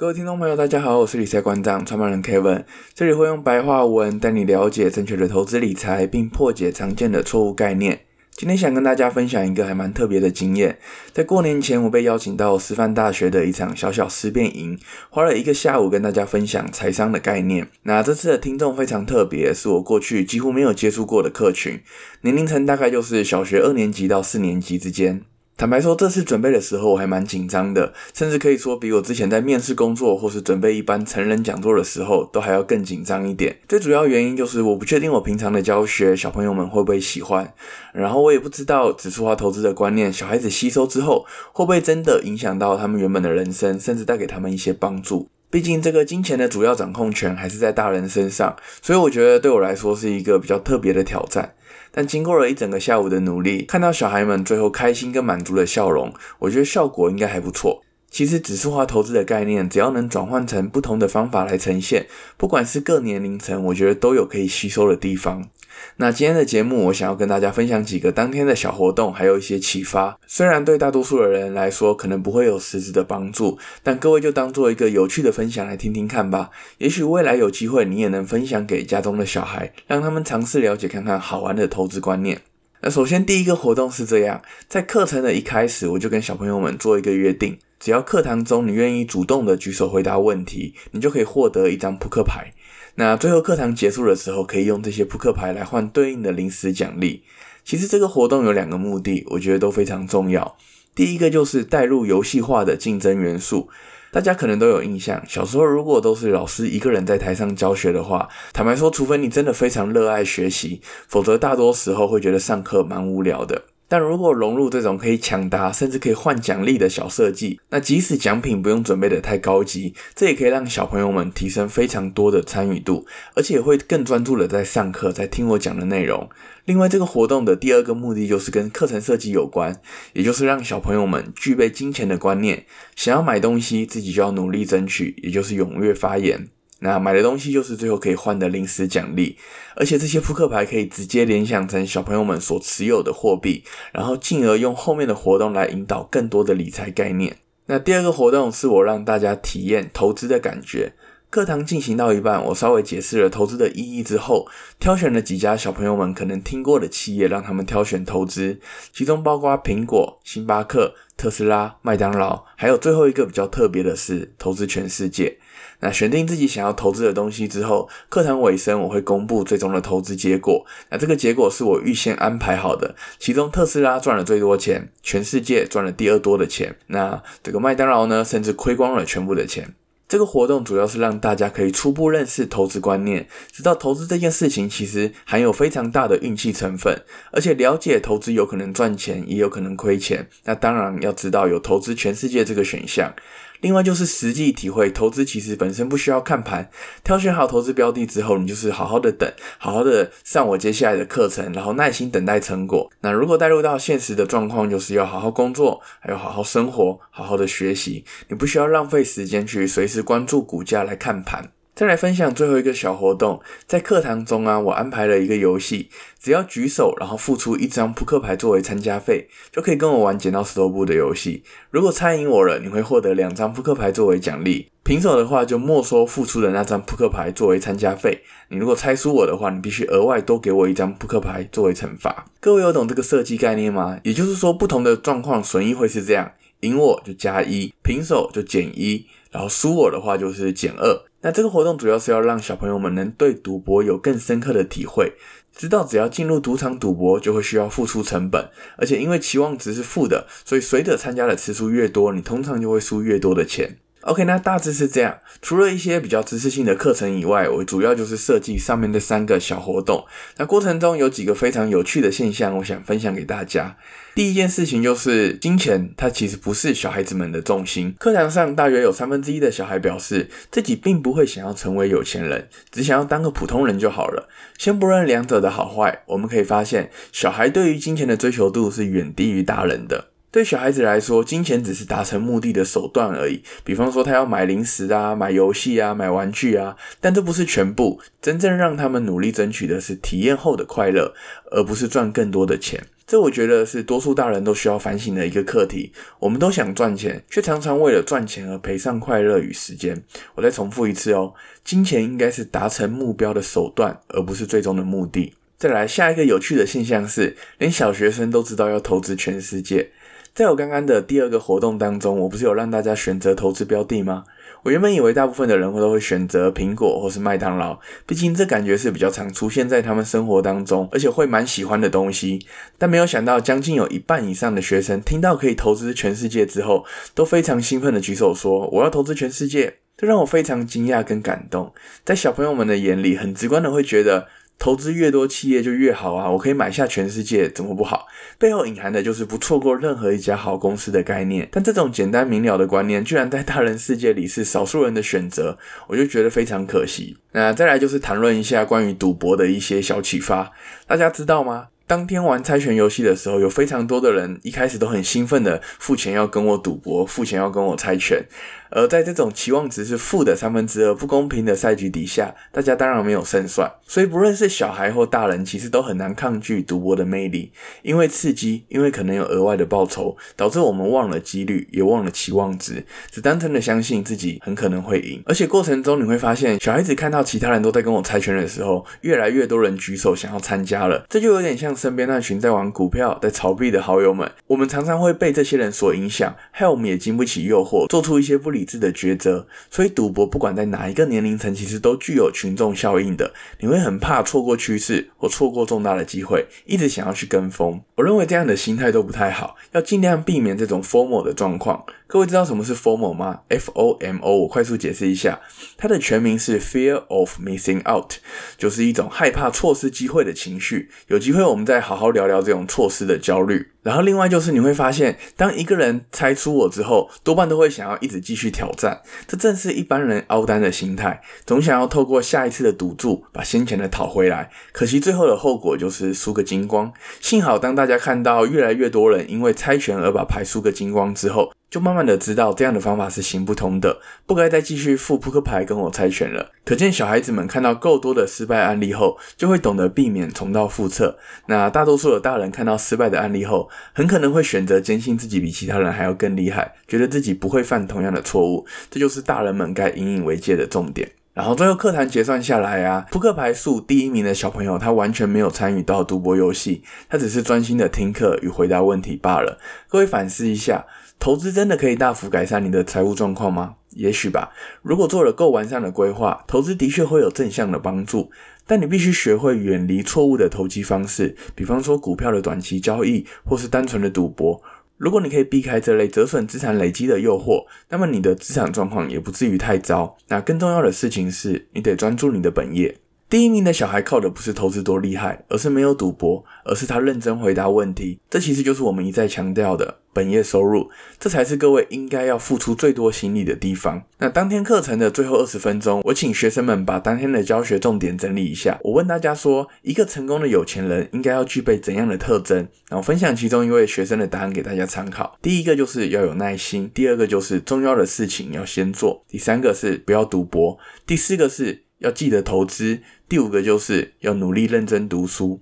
各位聽眾朋友，大家好，我是理財官長，創辦人 Kevin，這裡會用白話文帶你了解正確的投資理財，並破解常見的錯誤概念。今天想跟大家分享一個還蠻特別的經驗，在過年前我被邀請到師範大學的一場小小思辯營，花了一個下午跟大家分享財商的概念。那這次的聽眾非常特別，是我過去幾乎沒有接觸過的客群，年齡層大概就是小學二年級到四年級之間。坦白說，這次準備的時候我還蠻緊張的，甚至可以說比我之前在面試工作或是準備一般成人講座的時候都還要更緊張一點。最主要原因就是我不確定我平常的教學小朋友們會不會喜歡，然後我也不知道指數化投資的觀念小孩子吸收之後會不會真的影響到他們原本的人生，甚至帶給他們一些幫助。畢竟這個金錢的主要掌控權還是在大人身上，所以我覺得對我來說是一個比較特別的挑戰。但經過了一整個下午的努力，看到小孩們最後開心跟滿足的笑容，我覺得效果應該還不錯。其實指數化投資的概念，只要能轉換成不同的方法來呈現，不管是各年齡層，我覺得都有可以吸收的地方。那今天的節目，我想要跟大家分享幾個當天的小活動，還有一些啟發。雖然對大多數的人來說，可能不會有實質的幫助，但各位就當做一個有趣的分享來聽聽看吧。也許未來有機會，你也能分享給家中的小孩，讓他們嘗試了解看看好玩的投資觀念。那首先第一個活動是這樣，在課程的一開始，我就跟小朋友們做一個約定。只要課堂中你願意主動的舉手回答問題，你就可以獲得一張撲克牌。那最後課堂結束的時候，可以用這些撲克牌來換對應的零食獎勵。其實這個活動有兩個目的，我覺得都非常重要。第一個就是帶入遊戲化的競爭元素，大家可能都有印象，小時候如果都是老師一個人在台上教學的話，坦白說，除非你真的非常熱愛學習，否則大多時候會覺得上課蠻無聊的。但如果融入這種可以搶答，甚至可以換獎勵的小設計，那即使獎品不用準備得太高級，這也可以讓小朋友們提升非常多的參與度，而且也會更專注地在上課，在聽我講的內容。另外，這個活動的第二個目的就是跟課程設計有關，也就是讓小朋友們具備金錢的觀念，想要買東西自己就要努力爭取，也就是踴躍發言。那買的東西就是最後可以換的零食獎勵，而且這些撲克牌可以直接聯想成小朋友們所持有的貨幣，然後進而用後面的活動來引導更多的理財概念。那第二個活動是我讓大家體驗投資的感覺。課堂進行到一半，我稍微解釋了投資的意義之後，挑選了幾家小朋友們可能聽過的企業，讓他們挑選投資，其中包括蘋果、星巴克、特斯拉、麥當勞，還有最後一個比較特別的是投資全世界。那選定自己想要投資的東西之後，課堂尾聲我會公布最終的投資結果。那這個結果是我預先安排好的，其中特斯拉賺了最多錢，全世界賺了第二多的錢。那這個麥當勞呢，甚至虧光了全部的錢。這個活動主要是讓大家可以初步認識投資觀念，知道投資這件事情其實含有非常大的運氣成分，而且了解投資有可能賺錢，也有可能虧錢。那當然要知道有投資全世界這個選項。另外就是實際體會，投資其實本身不需要看盤，挑選好投資標的之後，你就是好好的等，好好的上我接下來的課程，然後耐心等待成果。那如果帶入到現實的狀況，就是要好好工作，還有好好生活，好好的學習，你不需要浪費時間去隨時關注股價來看盤。再來分享最後一個小活動，在課堂中啊，我安排了一個遊戲，只要舉手，然後付出一張撲克牌作為參加費，就可以跟我玩剪刀石頭布的遊戲。如果猜贏我了，你會獲得兩張撲克牌作為獎勵；平手的話，就沒收付出的那張撲克牌作為參加費。你如果猜輸我的話，你必須額外多給我一張撲克牌作為懲罰。各位有懂這個設計概念嗎？也就是說，不同的狀況損益會是這樣：贏我就加一，1, 平手就減一，1, 然後輸我的話就是減二。那這個活動主要是要讓小朋友們能對賭博有更深刻的體會，知道只要進入賭場賭博，就會需要付出成本，而且因為期望值是負的，所以隨着參加的次數越多，你通常就會輸越多的錢。OK，那大致是這樣。除了一些比較知識性的課程以外，我主要就是設計上面的三個小活動。那過程中有幾個非常有趣的現象，我想分享給大家。第一件事情就是，金錢它其實不是小孩子們的重心。課堂上大約有三分之一的小孩表示，自己並不會想要成為有錢人，只想要當個普通人就好了。先不論兩者的好壞，我們可以發現，小孩對於金錢的追求度是遠低於大人的。對小孩子來說，金錢只是達成目的的手段而已。比方說，他要買零食啊、買遊戲啊、買玩具啊，但這不是全部。真正讓他們努力爭取的是體驗後的快樂，而不是賺更多的錢。這我覺得是多數大人都需要反省的一個課題。我們都想賺錢，卻常常為了賺錢而賠上快樂與時間。我再重複一次哦，金錢應該是達成目標的手段，而不是最終的目的。再來，下一個有趣的現象是，連小學生都知道要投資全世界。在我剛剛的第二個活動當中，我不是有讓大家選擇投資標的嗎？我原本以為大部分的人會都會選擇蘋果或是麥當勞，畢竟這感覺是比較常出現在他們生活當中，而且會蠻喜歡的東西。但沒有想到，將近有一半以上的學生聽到可以投資全世界之後，都非常興奮的舉手說：“我要投資全世界！”這讓我非常驚訝跟感動。在小朋友們的眼裡，很直觀的會覺得。投資越多，企業就越好啊！我可以買下全世界，怎麼不好？背後隱含的就是不錯過任何一家好公司的概念。但這種簡單明了的觀念，居然在大人世界裡是少數人的選擇，我就覺得非常可惜。那再來就是談論一下關於賭博的一些小啟發，大家知道嗎？當天玩猜拳遊戲的時候，有非常多的人一開始都很興奮的付錢要跟我賭博，付錢要跟我猜拳。而在這種期望值是負的三分之二、不公平的賽局底下，大家當然沒有勝算。所以不論是小孩或大人，其實都很難抗拒賭博的魅力，因為刺激，因為可能有額外的報酬，導致我們忘了幾率，也忘了期望值，只單純的相信自己很可能會贏。而且過程中你會發現，小孩子看到其他人都在跟我猜拳的時候，越來越多人舉手想要參加了，這就有點像。身邊那群在玩股票、在炒幣的好友們，我們常常會被這些人所影響，害我們也經不起誘惑，做出一些不理智的抉擇。所以，賭博不管在哪一個年齡層，其實都具有群眾效應的。你會很怕錯過趨勢或錯過重大的機會，一直想要去跟風。我認為這樣的心態都不太好，要儘量避免這種 FOMO 的狀況。各位知道什麼是 FOMO 嗎？F O M O，我快速解釋一下，它的全名是 Fear of Missing Out，就是一種害怕錯失機會的情緒。有機會我們再好好聊聊這種錯失的焦慮。然後另外就是你會發現，當一個人猜出我之後，多半都會想要一直繼續挑戰。這正是一般人凹單的心態，總想要透過下一次的賭注把先前的討回來。可惜最後的後果就是輸個精光。幸好當大家看到越來越多人因為猜拳而把牌輸個精光之後，就慢慢的知道這樣的方法是行不通的，不該再繼續付撲克牌跟我猜拳了。可見小孩子們看到夠多的失敗案例後，就會懂得避免重蹈覆轍。那大多數的大人看到失敗的案例後，很可能會選擇堅信自己比其他人還要更厲害，覺得自己不會犯同樣的錯誤。這就是大人們該引以為戒的重點。然後最後課堂結算下來啊，撲克牌數第一名的小朋友，他完全沒有參與到賭博遊戲，他只是專心的聽課與回答問題罷了。各位反思一下。投資真的可以大幅改善你的財務狀況嗎？也許吧。如果做了夠完善的規劃，投資的確會有正向的幫助。但你必須學會遠離錯誤的投機方式，比方說股票的短期交易或是單純的賭博。如果你可以避開這類折損資產累積的誘惑，那麼你的資產狀況也不至於太糟。那更重要的事情是，你得專注你的本業。第一名的小孩靠的不是投資多厲害，而是沒有賭博，而是他認真回答問題。這其實就是我們一再強調的本業收入，這才是各位應該要付出最多心力的地方。那當天課程的最後二十分鐘，我請學生們把當天的教學重點整理一下。我問大家說，一個成功的有錢人應該要具備怎樣的特徵？然後分享其中一位學生的答案給大家參考。第一個就是要有耐心，第二個就是重要的事情要先做，第三個是不要賭博，第四個是要記得投資。第五個就是要努力認真讀書。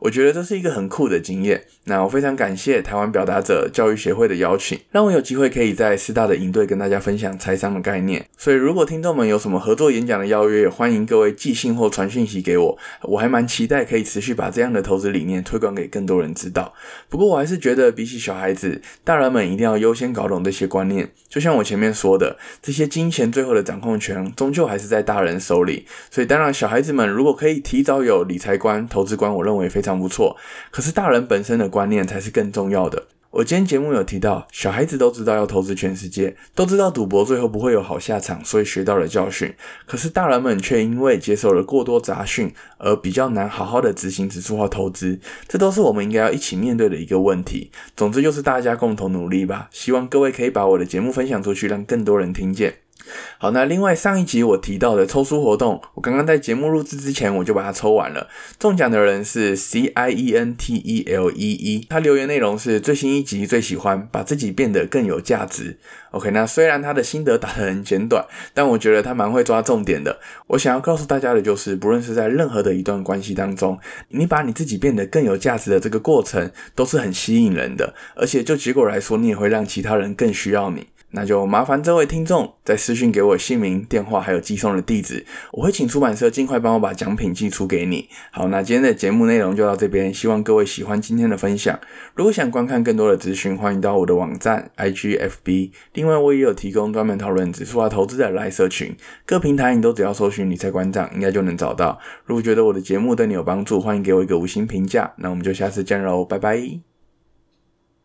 我覺得這是一個很酷的經驗。那我非常感謝台灣表達者教育協會的邀請，讓我有機會可以在師大的營隊跟大家分享財商的概念。所以，如果聽眾們有什麼合作演講的邀約，也歡迎各位寄信或傳訊息給我。我還蠻期待可以持續把這樣的投資理念推廣給更多人知道。不過，我還是覺得比起小孩子，大人們一定要優先搞懂這些觀念。就像我前面說的，這些金錢最後的掌控權終究還是在大人手裡。所以，當然小孩子們如果可以提早有理財觀、投資觀，我認為非常不錯，可是大人本身的觀念才是更重要的。我今天節目有提到，小孩子都知道要投資全世界，都知道賭博最後不會有好下場，所以學到了教訓。可是大人們卻因為接受了過多雜訊，而比較難好好的執行指數化投資，這都是我們應該要一起面對的一個問題。總之就是大家共同努力吧。希望各位可以把我的節目分享出去，讓更多人聽見。好，那另外上一集我提到的抽書活動，我剛剛在節目錄制之前我就把它抽完了。中獎的人是 C I E N T E L E E，他留言內容是最新一集最喜歡，把自己變得更有價值。OK，那雖然他的心得打得很簡短，但我覺得他蠻會抓重點的。我想要告訴大家的就是，不論是在任何的一段關係當中，你把你自己變得更有價值的這個過程，都是很吸引人的，而且就結果來說，你也會讓其他人更需要你。那就麻煩這位聽眾再私訊給我姓名、電話還有寄送的地址，我會請出版社盡快幫我把獎品寄出給你。好，那今天的節目內容就到這邊，希望各位喜歡今天的分享。如果想觀看更多的資訊，歡迎到我的網站 IG、FB。另外，我也有提供專門討論指數化投資的 LINE 社群，各平台你都只要搜尋理財館長應該就能找到。如果覺得我的節目對你有幫助，歡迎給我一個五星評價。那我們就下次見嘍，拜拜。